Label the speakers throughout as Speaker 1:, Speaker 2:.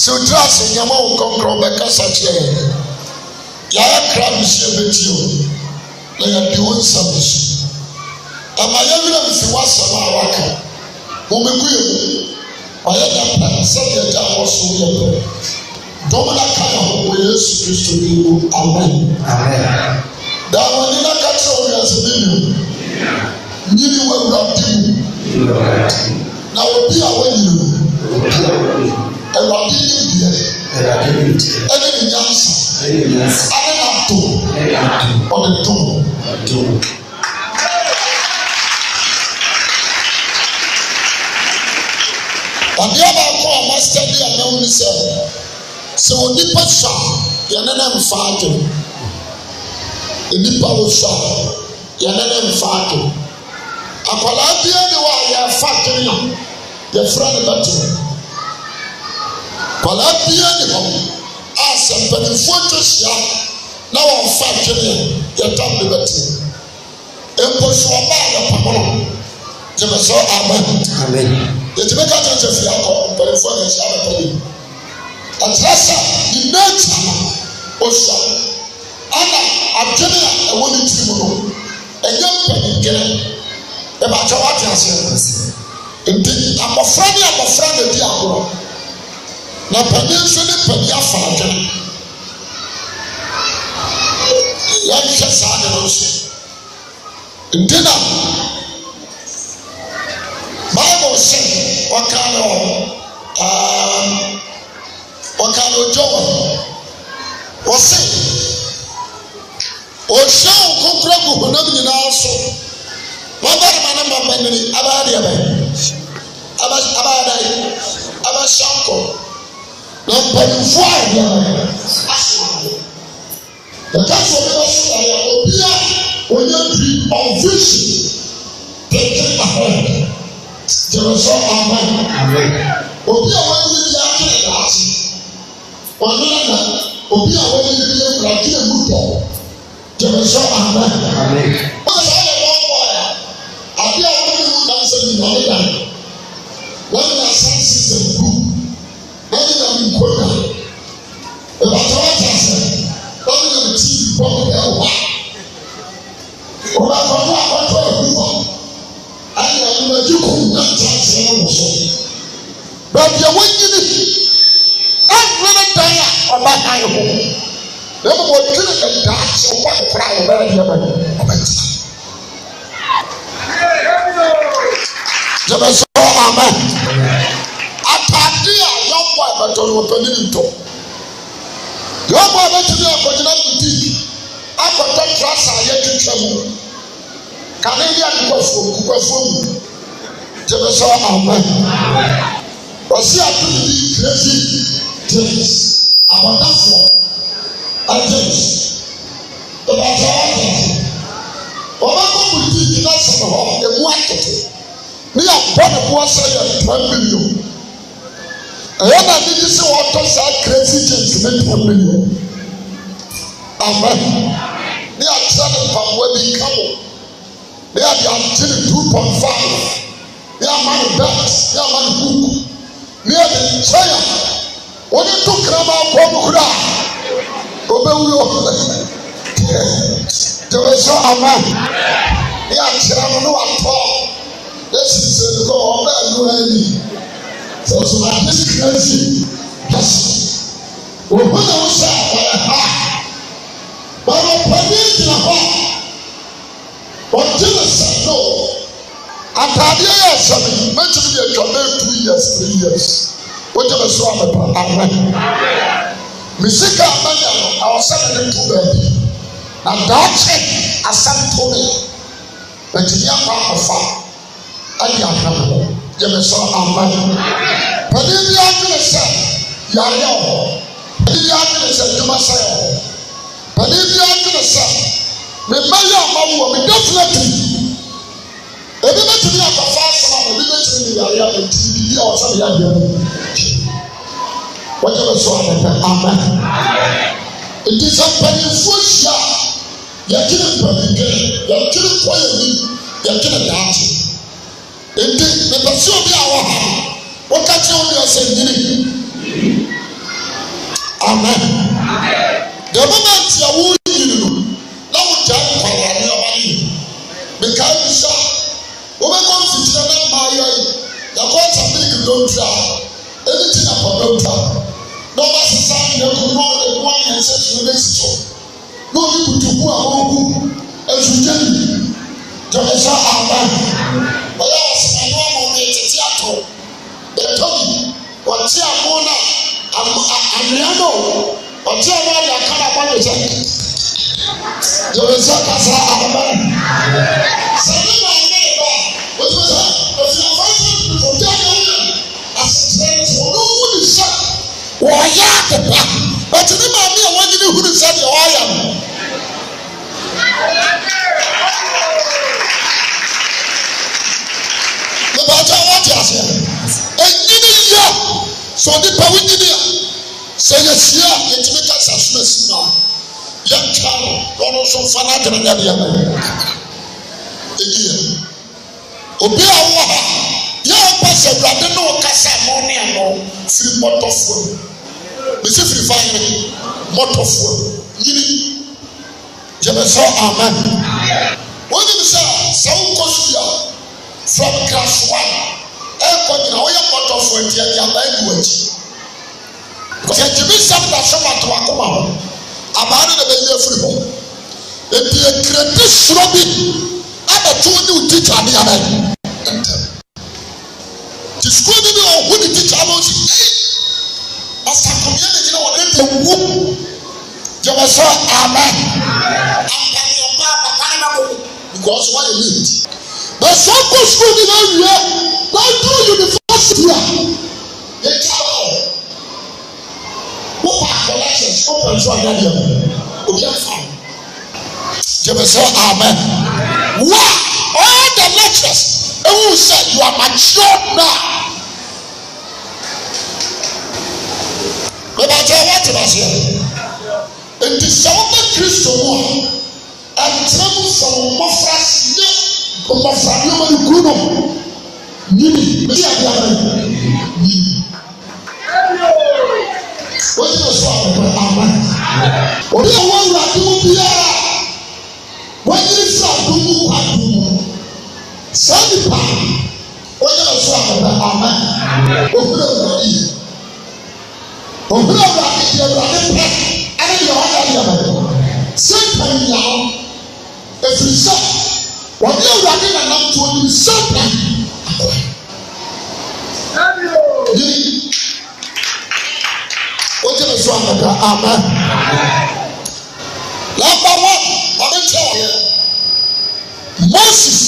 Speaker 1: sɛ wotiri ase nyama wo nkɔnkorɔ wobɛkasa kyerɛ yɛ yɛayɛ kra mesua bɛtie o na yɛde wo nsɛm no so ama yɛwerɛ mfi woasɛm a waka wobɛgu yɛ mu ɔyɛ dapɛ sɛdeɛ agya wɔ so woyɛ pɛ dɔm na ka na ho wɔ yesu kristo bi mu amen daa wɔne na ka kyerɛ wo wiase bi nim nyini wɔ awurade
Speaker 2: mu
Speaker 1: na obi a wɔnyini no Ẹ̀wọ̀n bí ní ìdíyẹ. Ẹni ní nyansa. Ayé na tó. Ọdẹ tó. Adeɛ baako a master bi a nam ne sɛ sɛ wɔ nipa sa yɛne ne mfa adwene nipa wɔ sa yɛne ne mfa adwene akwadaa biara ne wɔ a yɛfa adwene a yɛfrɛ ne bɛtene kɔlaa bia ne hɔ a sɛ mpanimfoɔ ntwa hyia na wɔmfa adwene yɛta ne bɛte mpo so ɔbaa ne pamono gyeme sɛ amen yɛtumi ka kyerɛ sɛ fie akɔ mpanimfoɔ ne hyia ne pɛni ɛkyerɛ sɛ ne nature no ɔhyia ana adwene a ɛwɔ ne tiri mu no ɛnyɛ mpanimdwene ɛbɛkyɛ wate aseɛ nti abɔfra ne abɔfra na di agorɔ na panyin nso ne panyin afa adwene yɛhwɛ saa ne no nso nti na bible sɛ ɔka ne wɔ ɔka ne ogya wɔ wɔse ɔhyɛ wo kokora gu nyinaa so wɔbarima ne mmamanini abɛyɛ deɛ bɛn abɛyɛ dɛn abɛhyɛ nkɔ na mpanyinfo a yɛ wɔn ahyɛ wɔn yɛka sɛ ɔbɛ bɛ so yɛ obi a onye bi ɔvision tete ahɔn jɛrɛsɔ ahɔn obi a wɔnye bi ato yɛ daakye wɔnye na obi a wɔnye bi yɛ kura kye egu tɔ jɛrɛsɔ ahɔn wɔn sɛ ɔyɛ wɔn wɔ ya adeɛ a wɔn mu dansa bi wɔn dan wɔn na sound system group nyame nkoda ɛbata wata sɛ wɔn nyame ti bɔ ɛwɔ ɔba kɔfɔ akɔtɔ ɛwɔ ayɛ ɔmo ɛdi kɔn na ntaase ɛwɔ so baabi a wɔnyini ɛnwene dan a ɔba dan ho na ɛmu wɔdwene ɛdaakye ɔba kɔkɔrɔ a ɔba ɛdi ɛbɛ ɔba ɛdi. Jẹ́bẹ̀ amẹ́. wɔpɛni ne ntɔ deɛ ɔbɔ a bɛtumi akɔgyina boutique akɔtɔ trasa a yɛtwitwa mu kane ne akokɔfoɔ kokɔfoɔ mu gyeme sɛ amen ɔsi atome bi crazy things abɔdafoɔ agents ɛbɛsɛ ɔdɛfo wɔbɛkɔ boutique na sɛn hɔ ɛmu atete ne yɛabɔ ne boɔ sɛ yɛ 12 million ɛyɛ na bidi sɛ wɔtɔ saa crazy things ne tɔn ne mu amen ne akyerɛ ne mpaboa bi ka mo ne ade agye ne two point five ne ama ne belt ne ama ne book ne ade nkyɛn a wɔde to kraman akɔ mu kura obewuro tẹ̀wé sọ amen ne akyerɛ no ne watɔ ne sisi ne kɔ wɔn bɛɛ lu ɛyi sọsọ adé kìrẹsì kẹsì òkú náà ń sá ọyẹ ha bàbá pẹ̀lú ìjìnlẹ̀ hɔ ɔgye ne sɛdo ataadeɛ yɛ ɛsɛmɛ mɛtiri yɛ dwa bɛyɛ two years three years wogye ne so amɛpa awɛ misika amanya no awɔsɛ ne ne to baabi na daakye asɛm to ne na gyinafa afa ɛne ahwɛ ne ho yẹmẹ sọ amen pẹ̀lú bí adúlẹ̀ sẹ yàrá yà wọ̀ pẹ̀lú bí adúlẹ̀ sẹ ẹ̀dwuma sẹ yà wọ̀ pẹ̀lú bí adúlẹ̀ sẹ mi mẹ yà ọmọ wọ mi definitely ebi bẹ tẹ̀lé àkọ́fọ́ asọ́nà ebi bẹ tẹ̀lé yàrá yà wọ̀ ti bí yà ọ̀sán yà bẹ̀ mọ́ wọ́n yẹ bẹ sọ amen ètò sẹ mpanyinfoɔ hyia yɛ kiri mpanyinfoɔ yɛ kiri pɔyɛ mi yɛ kiri daakye nti mepɛsi obi a wɔ ha wɔkɛkye omi ɛsɛ nyini amen deɛ ɔbɛma nti a wɔnyini no na wɔgya nkwaraa ne ɔba yi mekaa bi sa wɔbɛkɔ mfikyia na mmaayɛ yi yɛkɔ ɔkya miliki dontua ɛni ti na kɔ dontua na ɔba sisa yɛku na ɔde mu ayɛ nsɛ so ne si so na ɔde kutu mu a wɔn ku ɛsutɛ yi deɛ ɔbɛsa amen. anwulea no ɔte a wɔayɛ akara kwan ne sɛ yɛwɔ sɛ kasa ahoma sɛ ne ma ne ba wɔtɔ sɛ ɔfina fɔsɛ ɔfina fɔsɛ asetere nti wɔn mu ne sɛ wɔyɛ adepa ɔte ne maame a wɔnye ne huru sɛ deɛ ɔyɛ no. Nipa ɔtɔ wɔte aseɛ. Enyini yɛ sɔ nipa wo nyini a sɛ yɛsie a yɛtumi ka sasoma si ma yɛtwa no na ɔno nso mfa no adwene ne adeɛ no ɛdi yɛ obi a wɔ ha yɛmpa sɛ awurade ne wokasa mo ne ano firi mmɔtɔfoɔ mu mesi firi fa yere mmɔtɔfoɔ yini yɛbɛ sɛ amen wɔnyim sɛ sɛ wokɔ sua from class one ɛkɔ nyina woyɛ mmɔtɔfoɔ nti ɛde aba agu akyi yɛ gyimi sɛm na sɔm ato akoma ho abaa no na bɛyi afiri hɔ ebi ekiredi soro bi abɛto ne o tikya ne yaba yi ntɛm ti sukuu bi bi wɔ hu ne tikya abɔ si ee asakomiya ne gyina wɔn ebi ewu yɛ wɔ sɔ amen ampanyɔ ba papa ne ba koko because wɔyɛ late bɛsɛ kɔ sukuu bi na awie na aduro yunifasiti a yɛ kya wopɛ collections wopɛ nso ada deɛ obi afa gyeme amen wa all the lectures ehu sɛ you are mature now bɛbɛ akyɛ wa tena seɛ nti sɛ wopɛ kristo mu a ɛtena mu sɛ wo mmɔfra ne mmɔfra nneɛma no kuru no nyini mesi adeɛ ama yi wọ́n yẹ sọ àpẹẹrẹ àmà orí àwọn ọ̀rọ̀ àdúgbò biara wọ́n yẹ sọ àdúgbò àdúgbò sáà nípa wọ́n yẹ sọ àpẹẹrẹ àmà òkúrẹ́ wọ́n yìí òkúrẹ́ wọ́n yìí ẹ̀rọ àdúgbò ẹ̀rọ yẹ ọ̀rọ̀ yẹ bẹ̀rẹ̀ sẹ́ńtẹ̀ yà ọ́ efirisẹ́ wọ́n yẹ ọ̀rọ̀ àdúgbò nànà tó ní sẹ́ńtẹ̀ akọ̀ yìí wọ́n jẹ́ mi sọ àmàdà àmẹ́. Lọ́pọ̀ wọn, ọdún tí wọ́n yẹ. Moses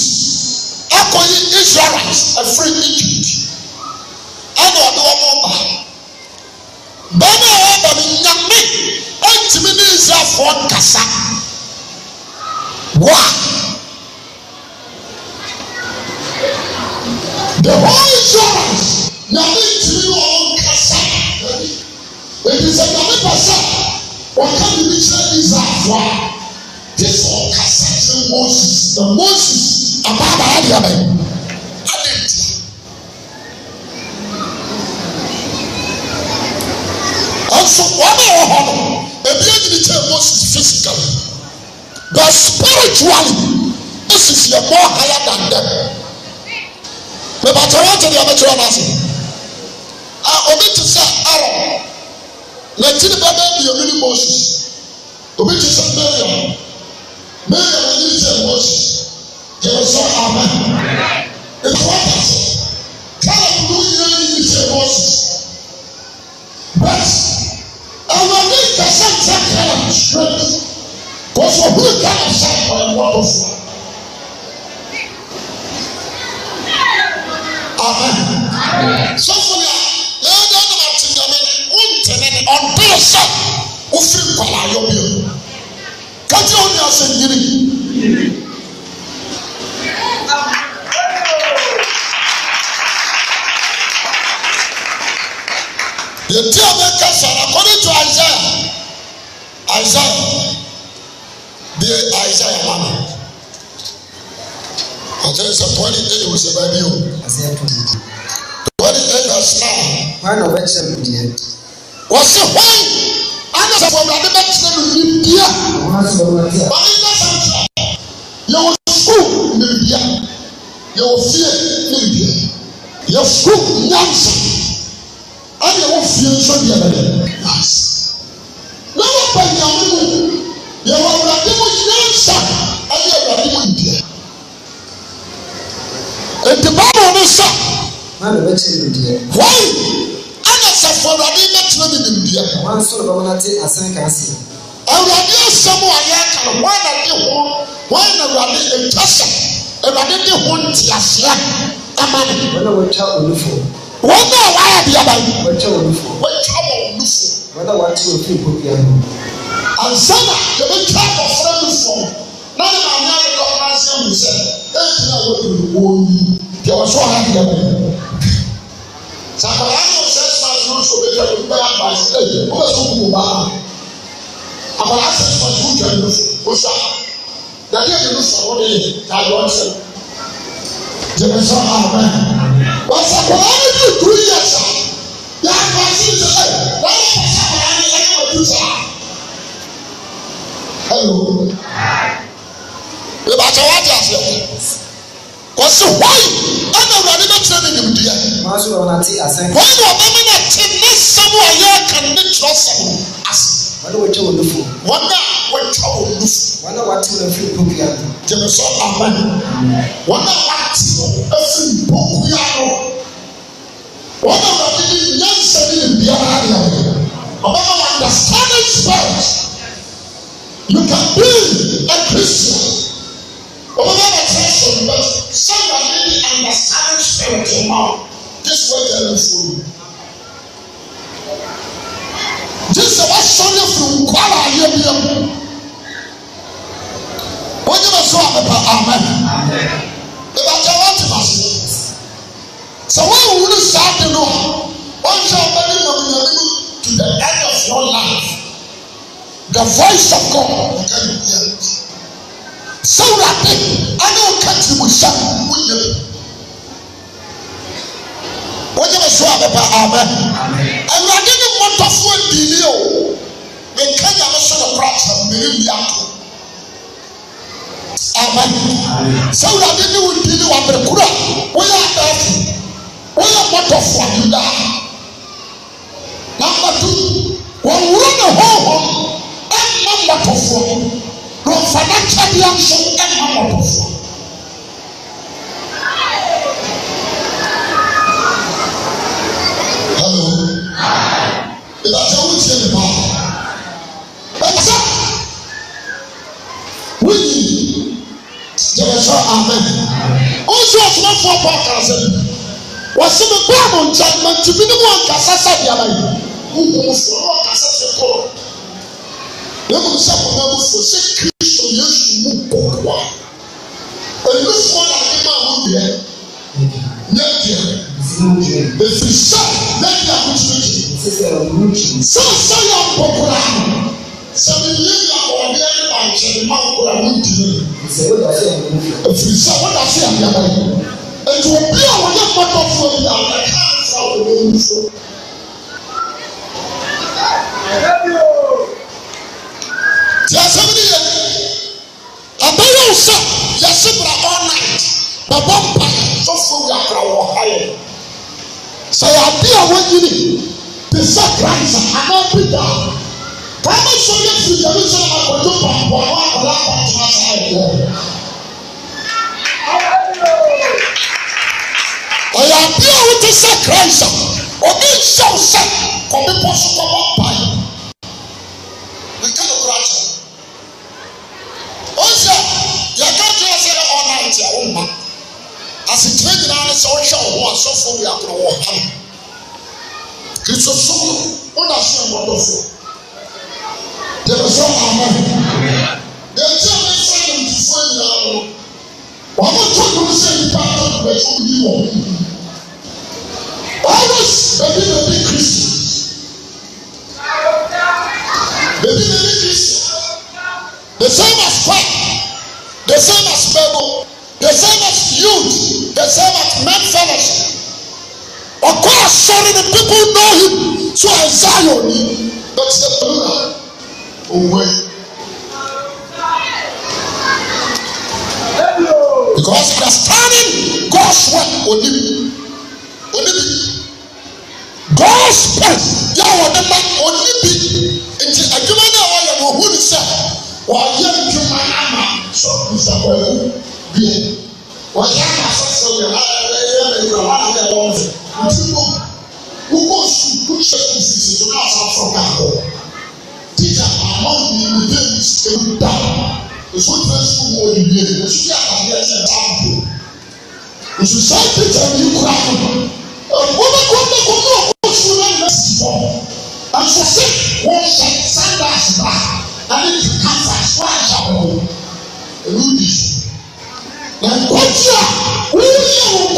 Speaker 1: akọ̀yí Israelite ẹ̀fírí Egypt ẹ̀nà ọ̀dọ́ wọn ọba. Bẹ́ẹ̀ni àwọn ọba mi nyàmé ẹ̀ntìmí ní Israelfoɔ kasa. Wá. The whole Israelite nyàmé èyí sẹ nyame pẹ sẹ ọka mi bi kyerɛ israfo a yẹ sọ ọkasa kyerɛ moses na moses abaaba adi abẹ adi nti ɛnso wɔn a wɔ hɔ no ebi egyina kyerɛ moses physically but spiritually moses yɛ more higher than them mɛ bàtà wọn ti di abẹ kyerɛ wọn ase a obi ti sɛ aaron n'akyiri bɛ bɛ mmienu ne moses obi ti sɛ mɛya mɛya ne sɛ moses yɛrɛ sɛ amen efu ata so kaa mu yɛrɛ ne sɛ moses but awurade kasa nsa kala straight kɔsɔ huru kala sa ɔyɛ wɔtɔ so amen sɔfo ni a ɔdoro sɛ wofiri nkwalayɔ bi mu kati a wɔde asɛ nyiri. yɛti a bɛka sɛ according to isaiah isaiah deɛ isaiah ma no ɔkyerɛ sɛ twenty eight wɔ sɛ baabi o twenty eight as now wɔsi hwan ana sɛ wɔwurade bɛ tena no nimdia wɔne nyɛ sankyɛ yɛwɔ sukuu nimdia yɛwɔ fie nimdia yɛ sukuu nyansa ɛna yɛwɔ fie nso deɛ bɛyɛ nyansa na wɔpɛ nyame mu yɛwɔ awurade mu nyansa ɛne awurade mu nimdia nti baabu ne sɛ wɔn ana sɛ fɔwurade bɛ ne nimdeɛ. wɔn nso dɔm na te asen kan se. awurade asɛm a yɛ ka no wɔn na de ho wɔn na awurade atwa sɛ awurade de ho nteaseɛ ama no. wɔn a wɔatwa olufo. wɔn a wɔayɛ deɛ ba yi. wɔatwa olufo. wɔatwa wɔn olufo. wɔn a wɔate ofin kopia no. ansana yɛbɛtwa abɔfra no fam na ne maame ayɛ dɔkta ase mu sɛ ɛgyina wɔn wɔn yi deɛ wɔsɔ ha deɛ bɛn. sɛ akwadaa yɛ sɛ suru so bɛ tɛmɛ bɛ y'a ba si ɛ o bɛ so kun ba a bɛ a sɛ sɔn tugu jɛn do o sa dade yɛ do sɔrɔ de yɛ k'a dɔn sɛ jɛnɛ sɔn a mɛ wa sakɔrɔ an bɛ tu tu yɛ sa y'a ba si sɛ ɛ n'a yɛ ba sa kɔrɔ an yɛ yɛ tu sa ɛlò ìbàtà wa di àfẹ wɔsi hwai ɛna awurade bɛ kyerɛ ne nimdeɛ wɔn na ɔbɛma na te ne sɛm a yɛ kan ne kyerɛ sɛm ase wɔn na wɔtwa wɔn nufu wɔn na wɔtwa wɔn nufu wɔn na wɔate wɔn afiri mpɔkuya gyeme sɛ amen wɔn na wɔate wɔn afiri mpɔkuya no
Speaker 2: wɔn na awurade
Speaker 1: de nyansa ne nimdeɛ ayɛ ɔbɛma wɔn understanding spells you can be a christian. Over the question, but somebody really understanding spirit in mind. This way they are food. This is what Sunday from Kuala Yebiam. When you saw the Amen. The Bajarat was So when you start to know, one shall believe to the end of your life. The voice of God will tell you. So ade ane ɔka ti mu nsa mu yie mi wogye me so abɛpa amɛ awurade ne mmɔtɔfoɔ adini o menka nyame so ne korakyɛ mmeri bi ato amɛ sɛ awurade ne wo dini wabere koro a woyɛ adafo woyɛ mmɔtɔfoɔ adedaa namba two wɔnwuro ne honhom ɛmma mmɔtɔfoɔ nfa n'akyɛdeɛ nso ɛma mɔbɔfoɔ. hello ìdájọ́ awo tiẹ̀ nípa ẹ̀sẹ̀ wíyí jẹ̀bẹ̀sọ amen ó ń sọ ọ̀fúnnáfọ̀ pọ̀ kàrọ̀sẹ̀ wọ́n sì mí bá àmọ̀ nkyẹn mọ̀ ntìbí ni mo ànkà sásà bíi àbáyé mo kò mo fún ọ ànkà sásà kọ̀ yɛmu sɛ bɔbɛbɔfo sɛ kristo yesu mu kɔkɔa ɛnufoɔ na ade maa mo deɛ nyɛ deɛ ɛfiri sɛ yɛde ahokyerɛkyi sɛ sɛ yɛ mpɔkora sɛ meyɛ yɛ ɔde ayɛ bankyɛne ma nkora mo ntimi ɛfiri sɛ woda se ameɛma ɛnti obi a wɔyɛ mmɔtɔfoɔ bi a wɔbɛka amfa wɔbɛwu so ti asɛm ni yɛ abɛyɛ nsa yɛsi bra all night bɛbɔ mpa sɔfo yakra wɔ ha yɛ sɛ yɛade a wɔnyini te sɛ christ anaa peter kama sɔ yɛ fi jerusalem akɔdo pampo a wakɔla akɔtena saa yɛ ɔyɛ ade a wote sɛ christ obi nhyɛw sɛ kɔbepɔ so kɔbɔ mpa yɛ.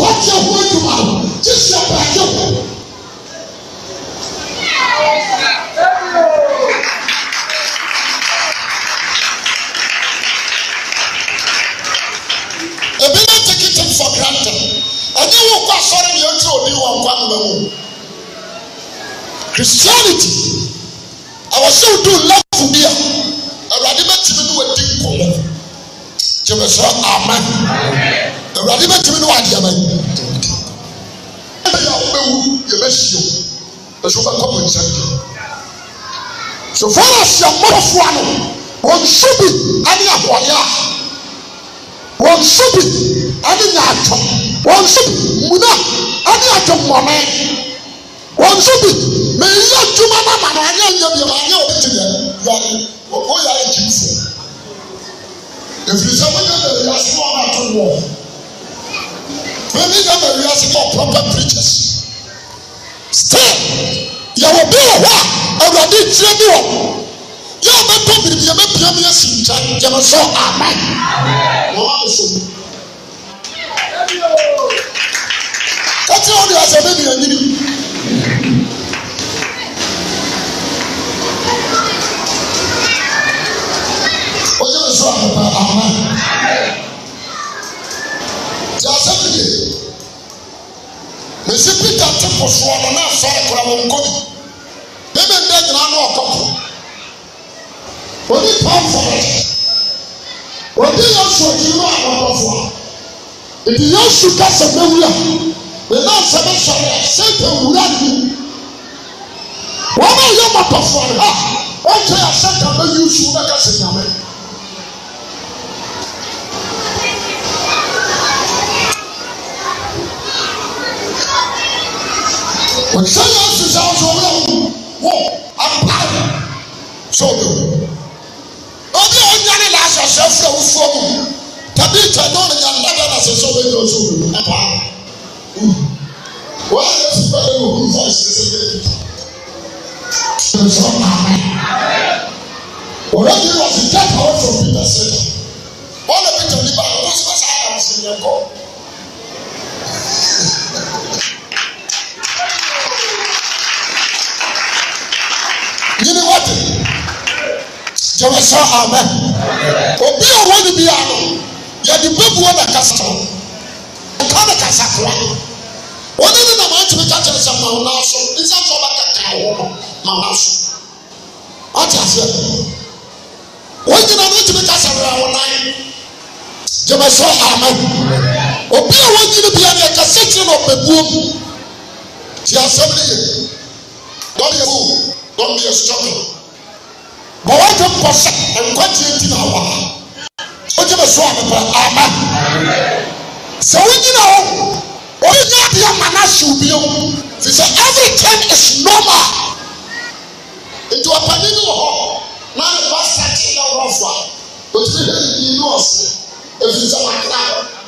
Speaker 1: wɔkyɛ ho adwuma no gye sɛ bɛyɛ wo ebi na take it for granted ɛnyɛ wo kɔ asɔre deɛ ɔkyerɛ obi wɔ nkwa mma mu christianity ɛwɔ sɛ wodu lafo bi a awurade bɛtumi ne wadi nkɔmmɔ gyeme sɛ amen awurade bɛtumi ne wade ama yi ɛbɛyɛ o wobɛwu yɛbɛhyio ɛso wobɛkɔ mo nkyɛn so farasi amorofoɔ no wɔn so bi ane abɔyɛ a wɔn so bi ane nyaatɔ wɔn so bi muna ane adwemmɔne wɔn so bi meyɛ adwuma no ama no anyɛ nyɛ o anyɛ wɔbɛte yɛ yare wɔyare gyimfo ɛfiri sɛ wɔnyɛ yɛ yɛ asoma no ato no wɔ mɛmi yɛ ma wiase yɛ proper preachers still yɛwɔ bi wɔ hɔ a awurade kyerɛ bi wɔ yɛ a bɛtɔ biribi yɛ bɛpia mi asi nkyɛn yɛ ma sɔ amen wɔn a bɛ so mu kɔtí wɔn de asɛ bɛ bi anyini. Oye, eso es lo que tí a sẹ́mi yẹ mesi pita ti kò soɔ no na asɔre kora wɔn nkɔ bi bɛbɛ ndé nyinaa no ɔkɔ kɔ obi pa nfɔlɔ obi yɛ nsu ɔdiri no ahɔhɔfo ebi yɛ nsu kasa mewura ne nan sɛ bɛ sɔre a sɛnta wura ni wɔn a yɛ mɔtɔfoɔ ha ɔkye a sɛnta bɛ yi nsu bɛ kasa nyame. òtítọ́ yẹn ti sẹ́ ọ̀sọ̀ ọ̀rẹ́ wò wò apá tó o bẹ̀rù obi a onya ne la asọsọ fún ẹwù fún ọmọ tàbí ìtàn náà nìyà ńlábẹ́ náà sẹ́sọ́ bẹ́ẹ̀ ní oṣù rẹ̀ ẹ̀pá wọ́n yẹ ti bẹ́ẹ̀ ní òkú fún ẹ̀sìn already was the death of the people said all the people in the Bible was supposed to have been kyerɛ sɛ amen obi a ɔwɔ ne bia no yɛde bɛbuo na kasa nka ne kasa koa wɔne ne nam atumi ka kyerɛ sɛ mawo naa so nsa sɛ ɔbɛkaka wɔ no ma naa so ɔte aseɛ wɔn nyinaa no atumi kasa wura wɔn nan kyerɛ sɛ amen obi a wɔn gyina bia no yɛkasa kyerɛ na ɔbɛbuo mu ti asɛm ne yɛ don't be don't be a struggle bɔ wɔdze nkɔsɛ nkwagye ti na wɔ ha wogye bɛ so amepɛ ama sɛ wogyina hɔ wonya adeɛ ma no ahyew bio firi sɛ everything is normal nti ɔpani no wɔ hɔ na ne ba sakye na wɔrɔfo a ɔtumi hɛ yie ne ɔse ɛfiri sɛ wakra hɔ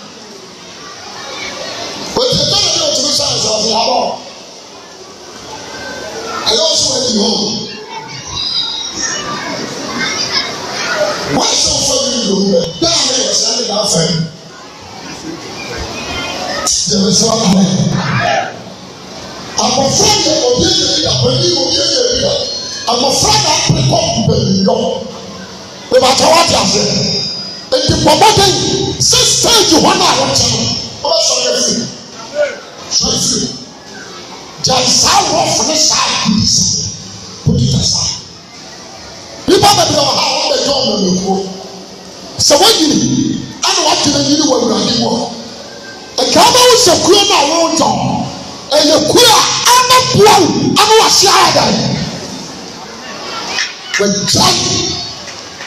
Speaker 1: The Jẹ̀bi sọ àmì. Àmọ̀fra yẹ òbí ẹ̀yẹ yà pẹ̀lú òbí ẹ̀yẹ yà. Àmọ̀fra yà pẹ̀kọ̀ bẹ̀rẹ̀ yọ. Bẹ̀rẹ̀ àti àwọn àti àfẹ́. Èdè pọ̀pọ̀ dé sí stéèjì wọn náà wọ́n ti mú. Wọ́n sọ yẹ fi. Sọ yẹ fi. Jàǹsá wọ̀ fún ní sáà kùdì sí. Kùdì jàǹsá. Nípa bẹ̀rẹ̀ wà á wọ́n bẹ̀ jọ́ ọ̀nà lè kú. Sọ wọ́n yìí ɛna watena nyini wɔ awurade wɔ ɛkaa ma wo sɛ kuro no a wɔretɔn ɛyɛ kuro a amaboa wo ama wase ayadan wagya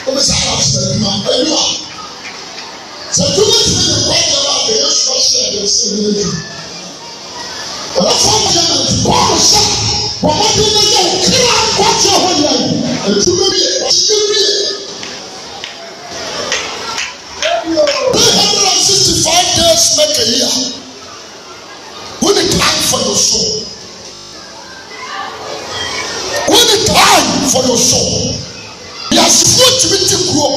Speaker 1: wɔbɛ sɛ ayɛ adwuma adwuma sɛ adwuma tena ne kɔ adwuma a bɛyɛ soa hyɛ ɛdɛ sɛ ɛyɛ adwuma ɔbɛfa mo yɛ no bɔɔlo sɛ wɔmɔden no yɛ wo kra nkɔ kyerɛ hɔ nyɛ adwuma bi yɛ ɔhyɛ bi yɛ 365 days make a year. We the time for your soul. We the time for your soul. Yasifuo tumi ti kuro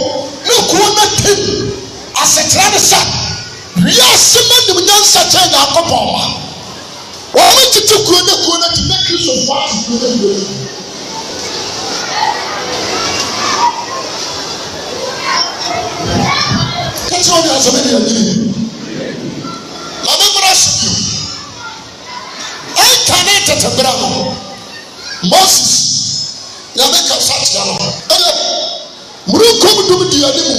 Speaker 1: ne kuro na tem asetere ne sa wiase ma nim nyansa kyɛn na akɔpɔ ɔma wɔn tete kuro ne kuro na ti ne kristu fa kuro ne kuro ne kẹsàn án ni asọmi ni ẹni yìí maame mura si bi o ẹ kan ní tètè bẹrẹ mọ moses nyame kasa tia no ẹ yẹ murukum dum di ẹni mu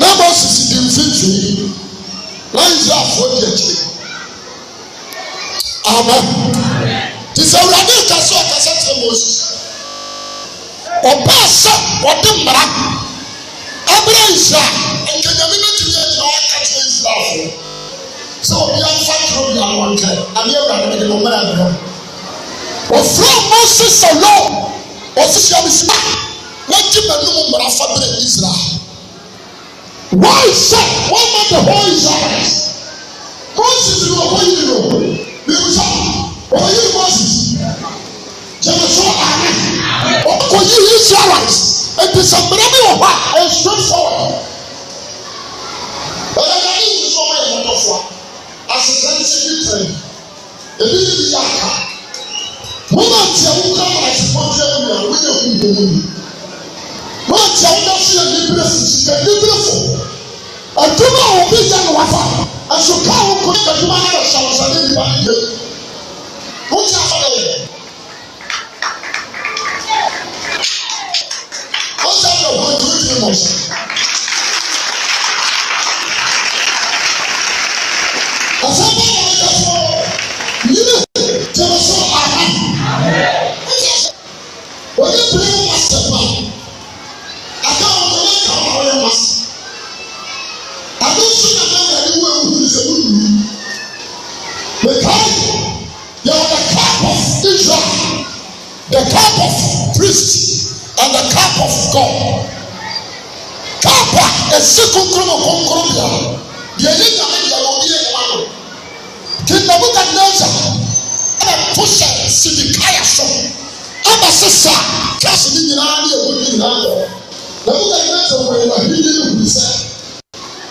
Speaker 1: na moses di mfimfini na israel afọ di ẹkyẹ amen ti sẹ wúlọdẹ kasa ọkasa moses ọba ẹsẹ ọdẹ mìíràn abirɛ nsa nkanyame no tumi agyina aka kyerɛ israfo sɛ obi amfa toro bi a wɔnkɛ adeɛ awurade mede no mmara mmerɛ ɔfrɛ mose sɛ lo ɔsehyia me sika wagye m'anom mmara fa berɛ israel why sɛ wɔma the whole israel moses no ɔkɔyiri no bibusa ɔkɔyiri
Speaker 2: moses gyeme so
Speaker 1: ane ɔkɔyiri israelites Eti sɛ mmerɛ bi wɔ hɔ a ɛsɛ fɔwɔ. Ɔyɛdɛ ayi yi sɔ ɔmɔ yɛ mɔtɔfoa. Asesa ne se bi tɛn. Ebi ni bi yɛ aka. Wɔn a tia wo kura ma ɛsɛ fɔ tia wo yɛ wo yɛ ku wo mu. Wɔn a tia wo da so yɛ nibire si si yɛ nibire fo. Adwuma a obi yɛ no wafa. Ɛso kaa wo kɔ ka adwuma na ɛsɛ ɔsɛ ne nipa yɛ. Wɔn ti afa na yɛ. What's that the one three demons? Ọ̀fọ̀ bá wà ní ẹ̀fọ́ nínú tẹ̀lé fún ara. Onye pèrè wà sẹ̀pà. Àbá ọmọ náà kà wà ọ̀rẹ́ wà sí. Àbá oṣù náà náà yẹ ewu ewu ìṣèlú nìyí. Mẹ̀káì yẹ wọ́n the cup of Israel, the cup of priests and the cup of God cup a ɛsi kunkun mu kunkun bia deɛ yɛ nyame deɛ wɔn yɛ ɛma no ti nebukadneza ɛna to hyɛ sidikaya so ɛna sisa kɛse ne nyinaa ne ɛwɔ ne nyinaa yɛ nebukadneza wɔ yɛ n'ahi ne yɛ wuli sɛ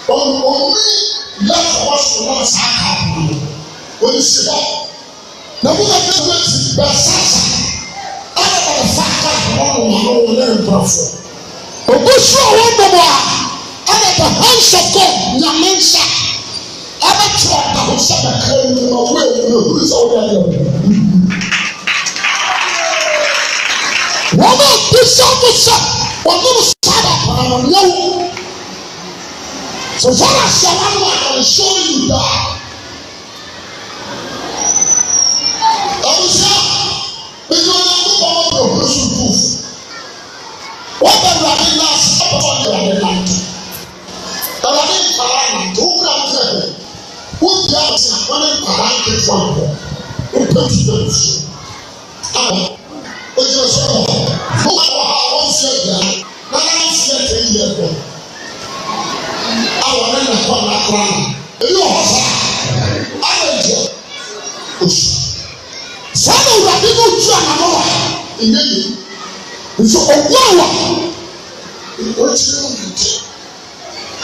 Speaker 1: wɔn wɔn mi yɛ fɔwɔ so wɔn saa kaa wɔn wɔn si hɔ nebukadneza ti bɛ sasa ɛna wɔn fa hɔ wɔ ha wɔ ne mpafo obi so a wɔn bɔbɔ a ɛna the hands of God nyame nsa abɛtɔ ahosuo kakra yi mu na ɔmo yɛ mu ehu sɛ ɔmo yɛ mu wɔn a bi sɛ ɔmo sɛ wɔn mu sɛ aba paa wɔn so far as the one who can show you that. ɛwusɛ ɛdi wɔn akokɔ wɔn bɛ wɔn wọ́n bẹ wúlọ́dé láti ọ̀pọ̀ wúlọ́dé láti wúlọ́dé nkàrà àti wúkúrà nkàrà wúkúrà àti àkọ́lé nkàrà àti fún àbọ̀ wúkúrà ti bẹ̀rẹ̀ fún àbọ̀ ojú ọ̀sẹ̀ wọ̀ wọ́n wọ̀ ha wọ́n fi ẹ̀gbẹ́ náà wọ́n fi ẹ̀gbẹ́ yìí ẹ̀gbẹ́ àwọn ẹ̀ nà kọ́ nà kọ́ àná èyí ọ̀họ́ sá àwọn ẹ̀jẹ̀ oṣù sáà ní wúlọ́dé ní ojú àná nso ɔwɔwɔ wɔkyerɛ wɔn ti wɔn mu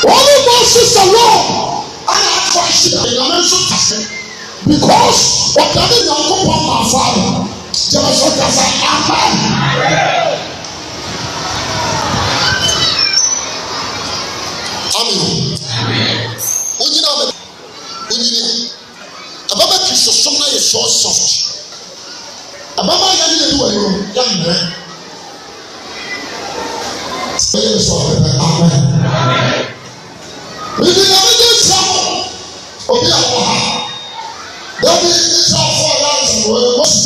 Speaker 1: bɔ sisa lɔɔ a afa si a ɛnyame nso kasa because ɔdade nyanko pɔn ma fa do gyama so kasa ama. wogyina ɔbɛ wogyina ababa kiri sosom na yɛ soft soft ababa yɛ ne yɛ ne wɔ yɛ yɛ mmerɛ ɛyɛ sɔ pɛpɛ amen. Bibi na mi di nsira mu, obi a wɔ ha, dɛbi nsira fɔ ɔyɛ nsira wɔ ɛwɔ si.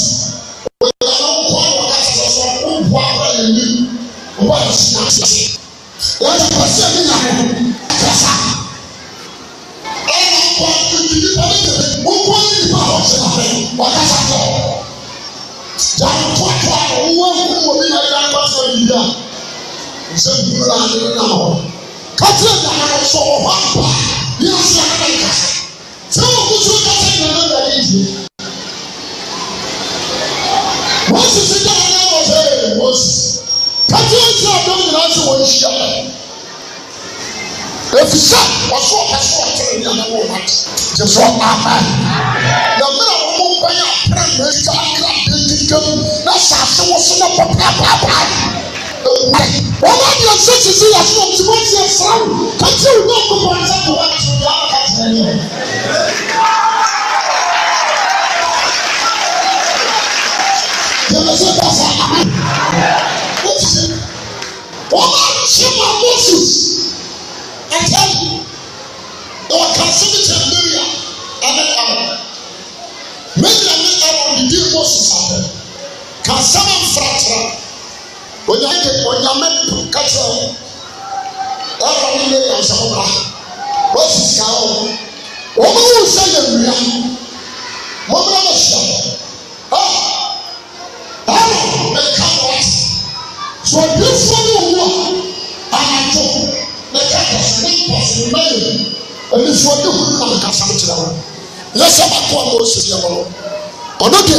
Speaker 1: wura ne nam hɔ kati ɛda ha nso wɔ hɔ apa ne ase ɛda nkasa sɛ wɔn ko so kasa ɛda ne da ne die wɔn sisi da ne wɔ sɛ wɔn sisi kati ɛsi ɛdɔm nyinaa sɛ wɔn hyia efisɛ wɔso ɔkasa ɔtɛn ne ɛna wɔn ati gye so ɔmaama na mmerɛ wɔn mo mpɛn apɛrɛ na ɛsɛ akra de kikam na saase wɔ so na pɔ paapaapae wọ́n bá di ọ̀sẹ̀ ti sí yàtọ̀ ọ̀hún tí wọ́n ti yẹ sáwù kájí òun náà kó bọ̀ ọ̀sẹ̀ kó wá ti sọ̀rọ̀ àwọn kájí ẹ̀yẹ. Yẹ̀mẹ̀sẹ̀ bá sọ àmì. Wọ́n bá di ṣé ma Moses ẹ̀jẹ̀ ọ̀wọ̀ kan síbi tẹ̀ mẹ́rìà ẹ̀mẹ̀ àwọn. Mẹ́rìà ní ẹ̀rọ ìdí Moses àbẹ̀ kà sábà ń fura tẹ̀ra onyame onyame kakyɛ wo ɔfa ne yɛ yansɛm bra wɔsi sika wo wɔn wo sɛ yɛ nwia mɔmra na hyia hɔ ɛna mɛka wɔt so ɔdinfoɔ ne owu a anato mɛka kɔso ne nkɔso ne mɛyɛ ɛni so ɔde hu na mɛkasa kyerɛ wo yɛ sɛ baako a na ɔsi yɛ wɔ ɔno deɛ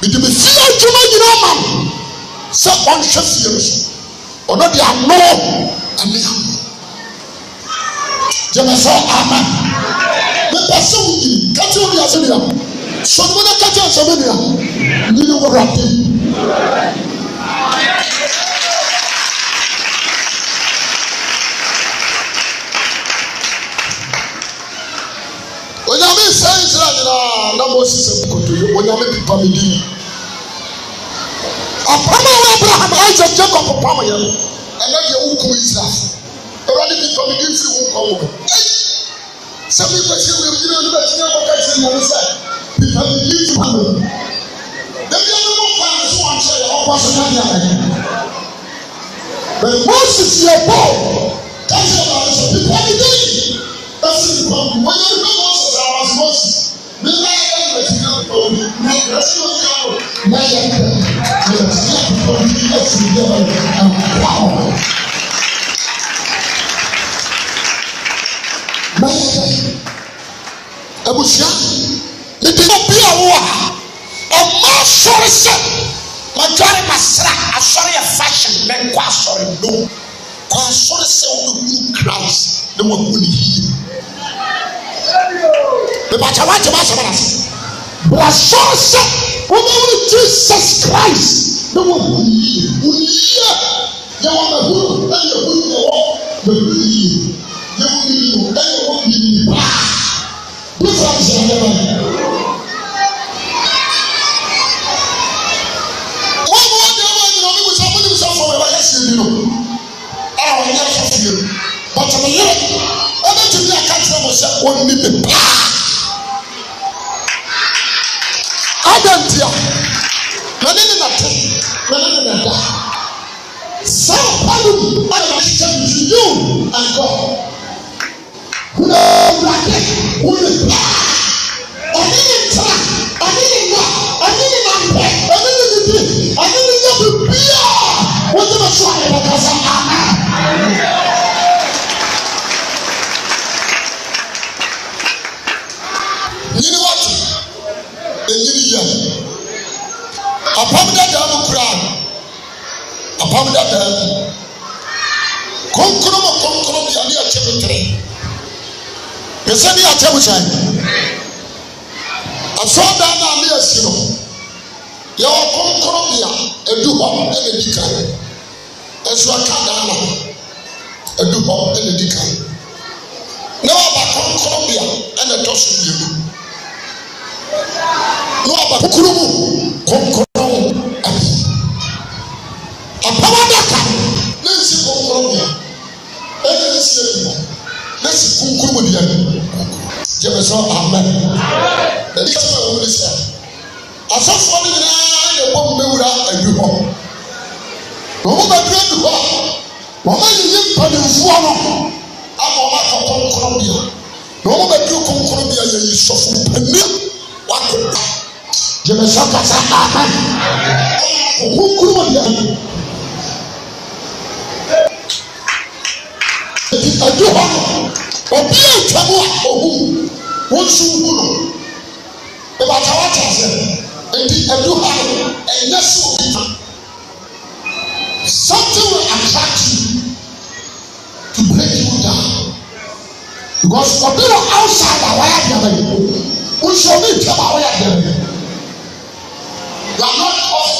Speaker 1: bidi mi fi adwuma nyinaa ma sɛ ɔnhwɛ fie no so ɔno de ano ɛne ano gyeme sɛ ama mepɛ sɛ wo nyini ka kyerɛ wode ase nua sɔdemo no ka kyerɛ nsɛme nua nyini worade onyame sɛ israel nyinaa na mose sɛ mkɔtoyo onyame pipa medini ɔpam a wɔn abraham isaac jacob pam yɛn no ɛnɛ deɛ wokɔ israel awurade bi tɔmi bi nfiri wokɔ wɔ sɛ mi bɛ se wo yɛ ne bɛ se ne kɔkɔ ɛsɛ nyɛ sɛ bipa mi bi nfiri wɔ ebi ɛni mo pa ne so wɔn kyerɛ yɛ ɔkɔ so na deɛ ɛyɛ bɛ moses yɛ bɔ kasi ɛna ɔyɛ sɛ bipa mi bi ɛsi bipa mi wɔn yɛ bipa moses awɔ moses bi na yɛ ɛgyina ɔmo na ɛsi ɔyɛ awo na yɛ kɛ ɛyɛ si akokɔ bi ɛsi yɛ ɔyɛ ɛnkwa ɔmo. Bɛyɛ kɛ abusua nti obi a wo a ɔmo asɔre sɛ ɔdware masra asɔre yɛ fashion bɛnkɔ asɔre do kɔ asɔre sɛ ɔmo Christ na wɔn mu ne yie. Bɛbɛ akyɛ wɔn akyɛ wɔn akyɛ wɔn ase wɔasɔn sɛ wɔbɛwuru jesus christ na wɔahu yie wɔn yie yɛ wɔn ahuru ɛyɛ wɔn yie wɔ bɛbi yie yɛ wɔn yie wɔ ɛyɛ wɔn yie paa bisa bisa yɛ wɔn yie. wɔn mu wɔn deɛ wɔn nyina wɔn bisa wɔn bisa fɔ wɔn yɛ si ebi no a wɔn yɛ fɔ fie bɔtɔ mi yɛ wɔn bɛ tumi aka kyerɛ wɔn sɛ wɔn ni bi paa adantia mɛne ne nate mɛne ne nada saa ɔpano mu ayɛ na ahyɛ you and God wuna awurade wuna paa. yiri yɛ apam dadaa no kura apam dadaa no konkrom konkrom yɛ ne akyɛ betere pese ne akyɛ betere asɔɔdan na ne asi no yɛ wɔ konkrom yɛ edu hɔ ɛna di kan ɛso aka dan na edu hɔ ɛna di kan ne wɔ ba konkrom yɛ ɛna ɛtɔ so mmienu ne aba kukuru mu kɔnkɔn abi apawa daka ne nsi kɔnkɔn mu ya ɛyɛ ne si ebi ya ne si kunkuru mu diya ne jɛmɛ sɔ amen ɛdi kɛ sɛ wɔn nisa asɔfoɔ ne nyinaa yɛ bɔ mbɛwura ɛdu hɔ wɔn bɛ duro du hɔ wɔn ayiyi mpanimfoɔ no ama wɔn akɔ kɔnkɔn bia na wɔn bɛ duro kɔnkɔn bia yɛ yi sɔfo panin wate jẹmẹsọ kasa ama kunkun wọn yẹ eti adu hɔ obi a otwa mu a ohu wọn nso hu no ebata wata ase eti adu hɔ ɛnyɛ so something will attract you to break you down because obi wɔ outside a wayɛ adiaba yi nsuomi ntam a ɔyɛ dɛm yɛ not off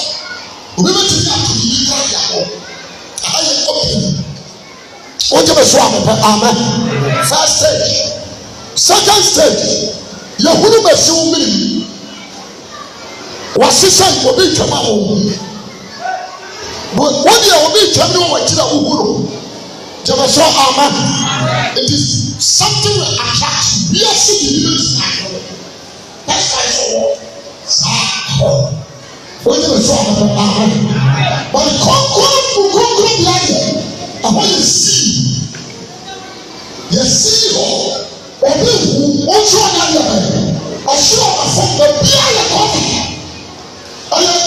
Speaker 1: obi bɛ ti yàtò yìí kọ́ yàtò ayé open o jẹ bẹ so àmì pẹ amen first stage second stage yehunu bẹ si wọn mìíràn wasisa obi ntwam ahọ wọn deɛ obi ntwam ne wɔn akyi na wohuru jẹbẹ so amen it is something that attract wiase yìí bẹ si ahọ ẹ̀ka ìṣòwò sáà kọ̀ wọ́n yẹ fún àwọn àwọn wọn kọ́kọ́ kọ́kọ́ bí ayẹ àwọn yẹ sí yẹ sí ọ ọbẹ ìwú ojú ọ̀nà yẹ ọ̀ṣun ọ̀nà fún ọbí ayẹ kọ́kọ́ ayẹ.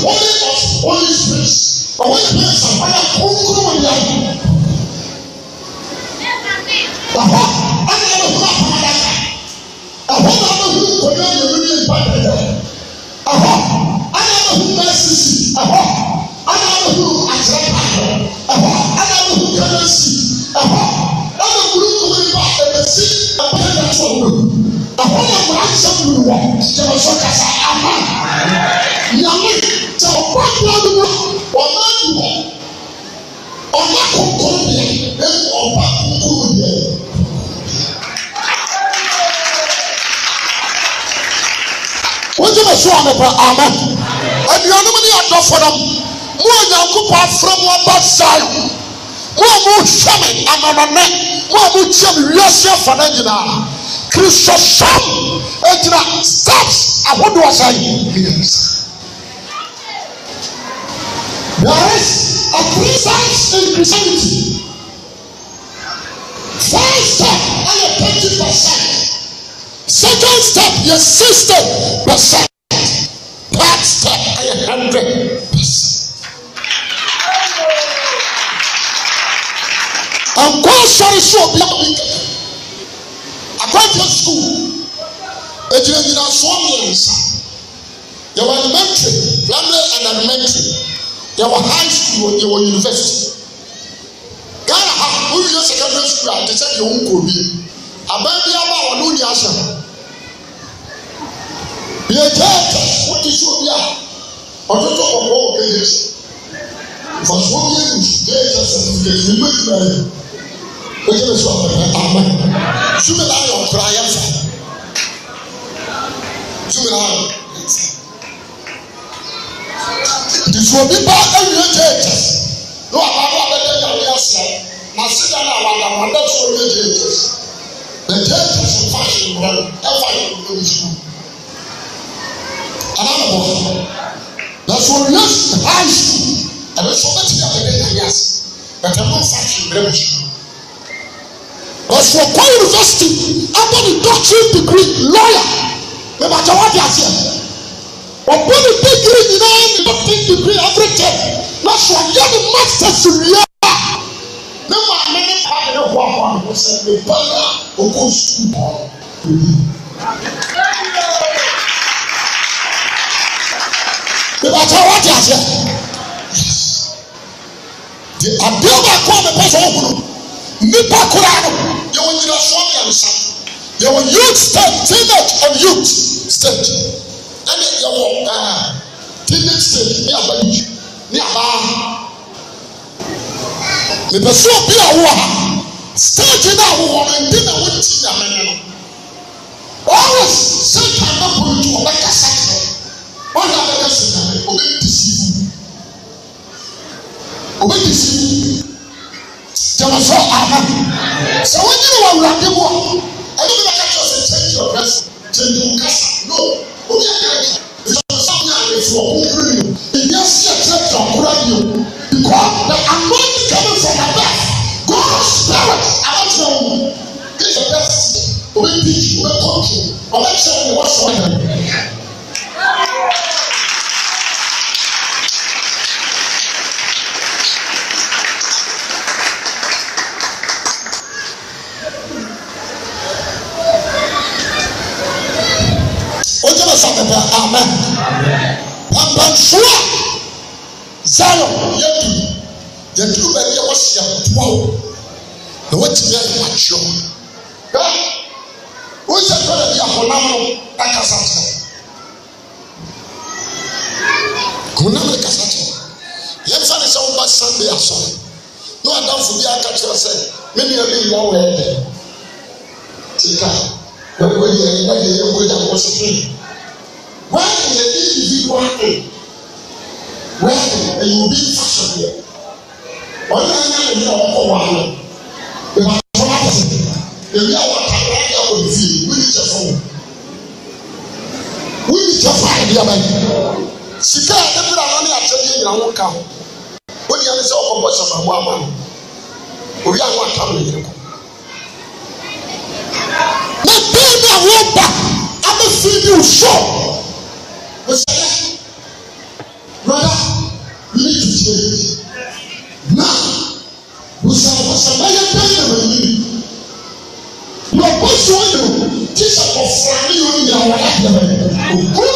Speaker 1: holy of holy spirit ọwọ ìpè sàpáyà kúnkún wọn yà wù. Ẹ̀họ́ ẹni ẹni kúrò àpamọ́dá yà. Ẹ̀họ́ náà ló hu kòní ẹni ẹni ní ìgbà dẹ̀dẹ̀. ẹni ẹni hu bẹ́ẹ̀ sisi. Ẹ̀họ́ ẹni ẹni àjẹpà. Ẹ̀họ́ ẹni ẹni hu kẹ́lẹ́sì. Ẹ̀họ́. asɛm wɔ sɛ wɔsɔ kasa ama nyame sɛ ɔba bla no mu ɔma nu hɔ ɔma kɔkɔn deɛ ɛmu ɔba kɔkɔn deɛ wogye me so amepɛ ama aduanom ne adɔfo no mo a nyankopɔn afrɛ mo aba sae mo a mohwɛ me amanɔnɛ mo a mokyɛ me wiase afa no nyinaa kristofam egyina steps ahodoɔ sɛn. There is a three sides in Christianity. First step ɛyɛ twenty percent. Second step yɛ sixty percent. Third step ɛyɛ hundred percent. Nkɔ asɔre so obi a bi kɛ graduate school egyinagyina soɔ mmiɛnsa yɛwɔ elementary primary and elementary yɛwɔ high school yɛwɔ university ghana ha wowie secondary school a te sɛ deɛ wonkɔ wie aban bi aba a wɔne woni ahyɛ yɛgyaagya wote sɛ obi a ɔtotɔ kɔkɔɔ wɔ kɛyɛ nfa so obi enu yɛgya sɛ ɛfɛ ɛfɛ ɛfɛ ɛfɛ ojú mi sọ ọ̀rọ̀ amẹ́ túnmí láyọ̀ ọ̀kúra yẹn fà túnmí láyọ̀ ìfọ̀ bíbá ẹ̀yìn ẹ̀jẹ̀ ẹ̀jẹ̀
Speaker 2: ní wà bá wà bẹ́ẹ̀ dẹ́gbẹ̀ wọ́n yà
Speaker 1: sẹ́ na sídà náà wà dà wà bẹ́ẹ̀ fún ẹ̀jẹ̀ ẹ̀jẹ̀ ẹ̀jẹ̀ ẹ̀jẹ̀ fún fáṣẹ̀ ìwúrẹ́ ẹ̀fà ìwúrẹ́ ìṣú alábọ̀ lọ́sọ̀ ọ̀rẹ́ ìṣú ẹ̀rẹ́ sọ bẹ́ẹ̀ ti yà bẹ́ẹ̀ dẹ́gbẹ̀ yà sẹ́ bẹ̀tẹ̀ mọ́ fáṣẹ̀ ìwúrẹ́ ìṣú ɔsoɔkwa university ɛbɔ ne doctorate degree lawyer mɛbàtà wà di aseɛ ɔbɔ ne degree nyinaa ne doctorate degree everything na so ɔyɛ ne masters wia ne maame ne paa ne ho ahoa ne ho sɛ ne ba na ɔkɔ sukuu hɔ ebi. mɛbàtà wà di aseɛ di adeɛ baako a mɛpɛ sɛ ɔhunu nipa koraa no yɛwɔ nyinasoɔ mmiɛnsa yɛwɔ youth stage teenage and youth stage ɛne yɛwɔ ɛɛ ah, teenage stage ne aba yi ne abaa mepɛ sɛ obi a wo a stage no a wowɔ no nde na wonti nyame ne no always satan bɛboro to ɔbɛkasa kyerɛ ɔne abɛkasa nyame ɔbɛdisi ɔbɛdisi jẹun sọ ama sẹ wọn nyere wọn wura debo ẹni mi bàtà kyerɛ sɛ change your dress change your kasa no obi a kàn kí ìjọba ní àlè fún ọkùnrin kúrò nínú ìdí ẹsẹ ẹsẹ ẹsẹ ọkùnrin ayé o because the anointing coming from above God's spirit abatẹ wọn kí ìjọba ẹsẹ obi teach obi control ọbẹ kyerɛ wọn wọ́n sọ wọn yẹn. yɛduru baabi a wɔhyɛ aboa wo na wɔatumi ayɛ wɔatwerɛ hɛ wosɛ kɔda bi ahonam no akasa kyerɛ honam no kasa kyerɛ yɛmfa ne sɛ woba sande asɔre na wadamfo bi aka kyerɛ sɛ me nua bi yɛ wɔ ɛdɛ tika wɔwɔ yɛ ɛdɛ yɛ wɔ yɛ wɔ so wɔayɛ yɛ bi yi bi wɔayɛ wɔayɛ ɛyɛ obi fa so deɛ ɔyɛ ɛyɛ ɛyɛ ɔkɔ wa no ɛwà tó wà pèsè ɛbi awɔ kakra ɛyɛ wɔ nfi wíni kyɛ fún wò wíni kyɛ fún ayé bíyà báyìí sika a ɛbi na wɔn akyɛ yɛ nyina wɔn ka ho wɔn nyina sɛ ɔkɔ bɔ sɛfɛ bɔ ama no obi a wɔn aka no yɛ nkɔ. na bíi bi a wɔn ba abɛfi bi wò sɔ wò sɛ brother we need to change na busabasa bɛyɛ bɛn na bɛyi yɛ bɔ so yɛ o ti sɛ ɔfra ne yɛ o yɛ awɔ yɛ bɛyɛ o.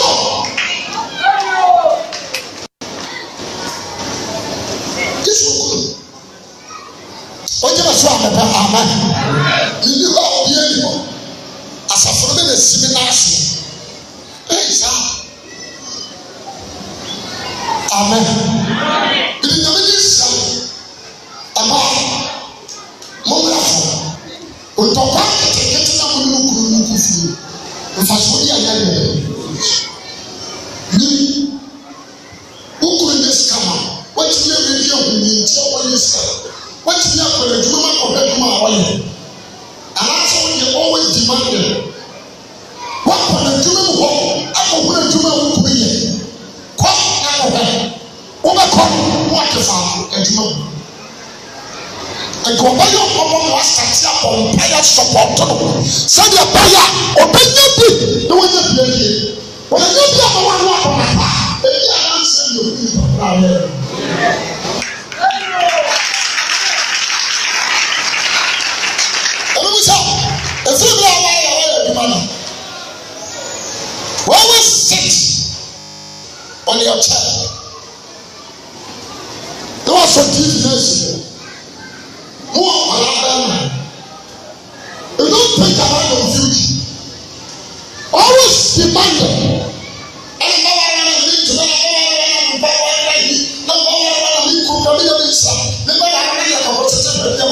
Speaker 1: Então,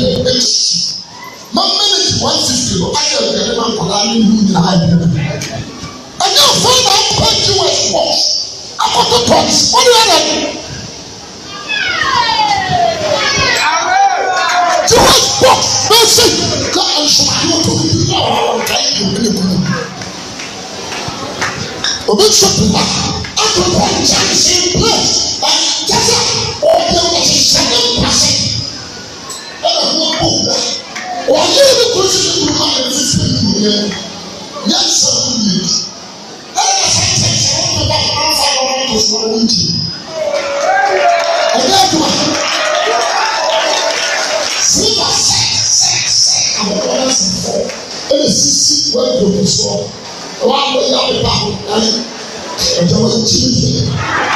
Speaker 1: ɛyɛ ɛsi mama mi ti one sixty no ayɛ ɛgbɛrɛ ma nkɔla ne mu nyinaa ayɛ ɛnyɛ fún na mpɛ ti wɔ ɛfɔ akɔtɔ pɔt ɔni ɛna ti wɔ ɛfɔ bɛsi ka nsɔmanu tó bi bi náà wɔn ka yi yɛ ɔbɛlɛ kunu obi sɔ puma akɔtɔ nkyɛnse plus ɛyɛ kasa ɔbɛn ɔsisɛ ne mu kɔ ɔyɛ ne kɔ si ne kuru ma ne ti se ne kuru yɛ yɛ nsa ko yɛ di ɛyɛ na sɛ sɛ sɛ wɔn bɛ ba yɛ wɔn fa wɔn bɛ kɔsɔ wɔn ti ɔyɛ aduma sika sɛ sɛ sɛ abɔbɔ na sɛ fɔ ɛna sisi wɔn bɛ kɔsɔ wɔn abɔ yɛ abɛba wɔn ayɛ ɛdɔwɔ ti mi fɛ.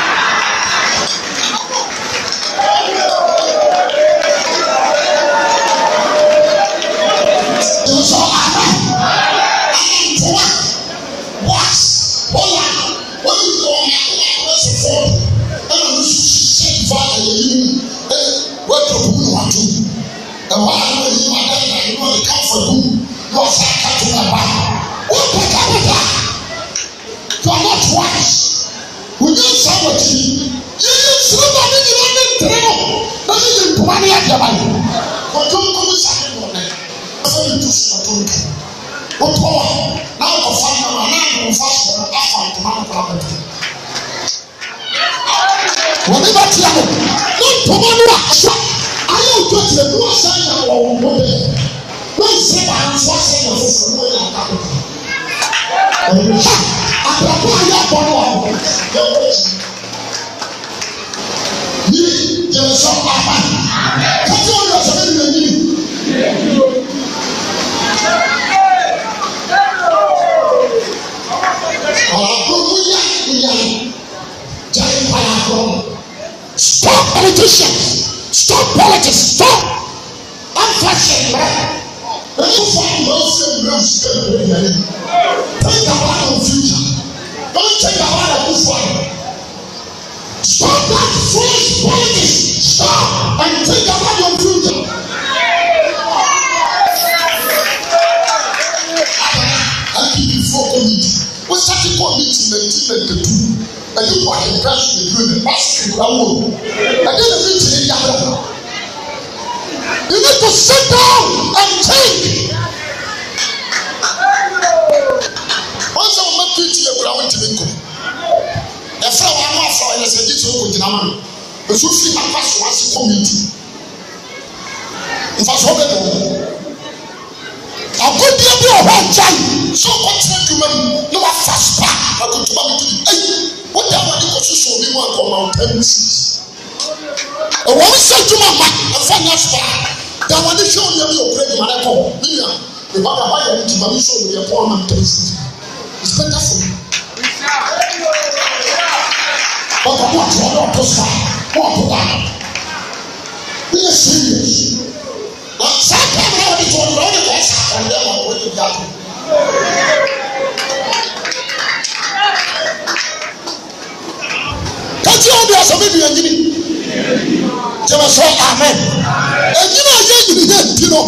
Speaker 1: nineteen ninety ninety two ɛdi wɔ ahemfɛso meduro ne ɔsi nkurawo ɛdi ne mi ti yɛ yɛ You need to sit down and think. Wọ́n sọ wọn bẹ tuntun ekura wọn ti mi nkọ. Ẹ̀fọ́ wa máa fọ ẹ̀yẹ sẹ́ ẹ̀dí tí wọ́n kò gyina mọ́. Èso fi apá so wá sí kọ́mìtì. Nfa so bẹ̀ dẹ̀ wọ́n agodie bi wɔ hɔ nkyɛn sɛ ɔkɔtena adwuma mu na wafa spa akotoma bɛtiri ɛyi woda wade kɔsoso obi mu akɔma ɔtam si ɛwɔ m sɛ adwuma ma ɛfa nyɛ spa da wade hwɛ onua bi ɔkura adwuma no kɔ ne nua ne ba ba wayɛ no ntoma no nso ɔnua pɔ ɔma ntam si it's better for you ɔkɔ mo atoa na ɔto spa mo ɔto da no woyɛ serious na saa body to ọdún ọdún kọ́ sá ọ̀dẹ́ wọn wọ́n ti dá tó. Kọ́tí ọ̀dọ̀ ọ̀sán bíbí ẹ̀yìn ni. sọ amen. Ẹ̀yìn náà yẹ ẹ̀yìn yẹn ti nọ.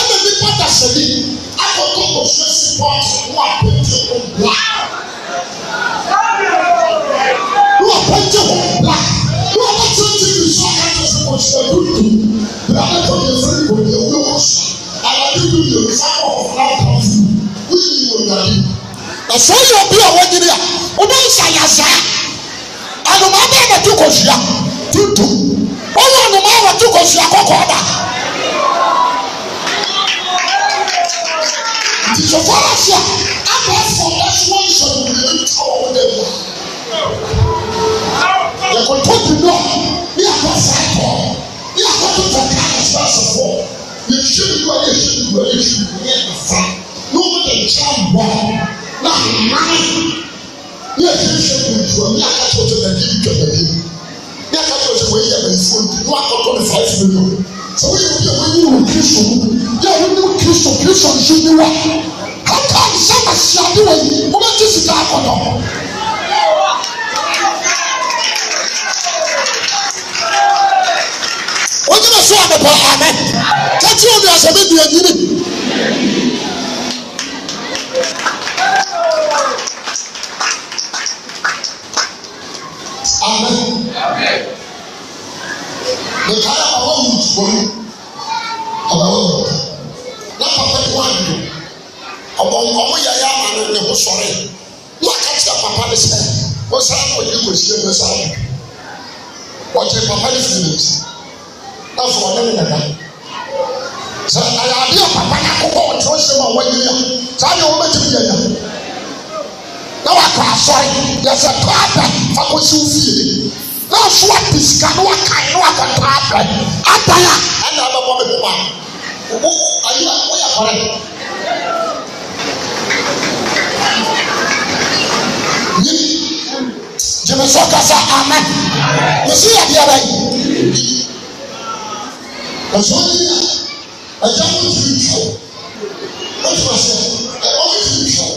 Speaker 1: Ẹ̀mẹ̀ mi pátá sẹ́ni. Akọ̀kọ̀ kò fẹ́ sí pọ́ọ̀sì wọ́n àpẹ̀tẹ̀ wọn wá. Wọ́n àpẹ̀tẹ̀ wọn wá. Wọ́n àpẹ̀tẹ̀ wọn ti rí sọ́kà tó ṣe kò ṣe lódì. Bẹ́ẹ̀ ni wọ́n yẹ fún ìwé ìwé wọn sọ awurade bi yɛ nsa wɔ flatam so wuyi yɛ awurade na sɛ yɛ obi a wɔnyini a wɔbɛ nsa yasa anoma bɛɛ na ti kɔsua tuntum wɔn anoma a wɔti kɔsua kɔkɔɔ da ntisofo alasi a abɛɛfo ɛfo nsɛm yɛ ntɔ wɔn dɛ bi a. yɛhwɛ ne wura yɛhwɛ ne wura yɛhwɛ ne wura yɛ afa na wɔn de nkyɛn bɔ na aman ne yɛhwɛ hwɛ kuntu ɛmi akatɔ sɛ na yɛn dwa bɛbi ne akatɔ sɛ wɔyɛ bɛnfuo nti ne wakɔtɔ ne five million sɛ wɔyɛ obi a wɔyɛ wɔ kristu mu yɛ wɔn mu kristu kristu nso ni wa hata nsa ma si adi wɔ yi wɔn bɛ ti sika akɔtɔ. ɔnyina so abɛpɔ amɛ kakyia omi asɛmɛ di anyini amɛ nìkan yà ɔwɔ mu tuoni ɔbɛ wɔ na papa kó adu ɔbɔ ɔmo yɛ yɛ ama no ne ho kò si ɛmɛ sáré ɔtí papa ne fi ɛfɔ ɔne ne nana sɛ ɛyɛ adeɛ papa no akokɔ ɔtwerɛ hyɛ ma wɔayi a saa deɛ wɔbɛtumi yɛ nya na wakɔ asɔre yɛsɛ taa bɛ fa kɔsi fie na ɔso ate sika na wakan na wakɔ taa bɛ adan a ɛna ɛbɛbɔ bɛbi ma ɔmo ayi a wɔyɛ kɔrɛ yi kasa amen wosi yɛ deɛ bɛyi ẹ̀sọ́ yìí yà ẹ̀jẹ̀ wọn ti ń tọ̀ wọ́n ti wà sẹ́ ẹ̀ wọ́n ti ń tọ̀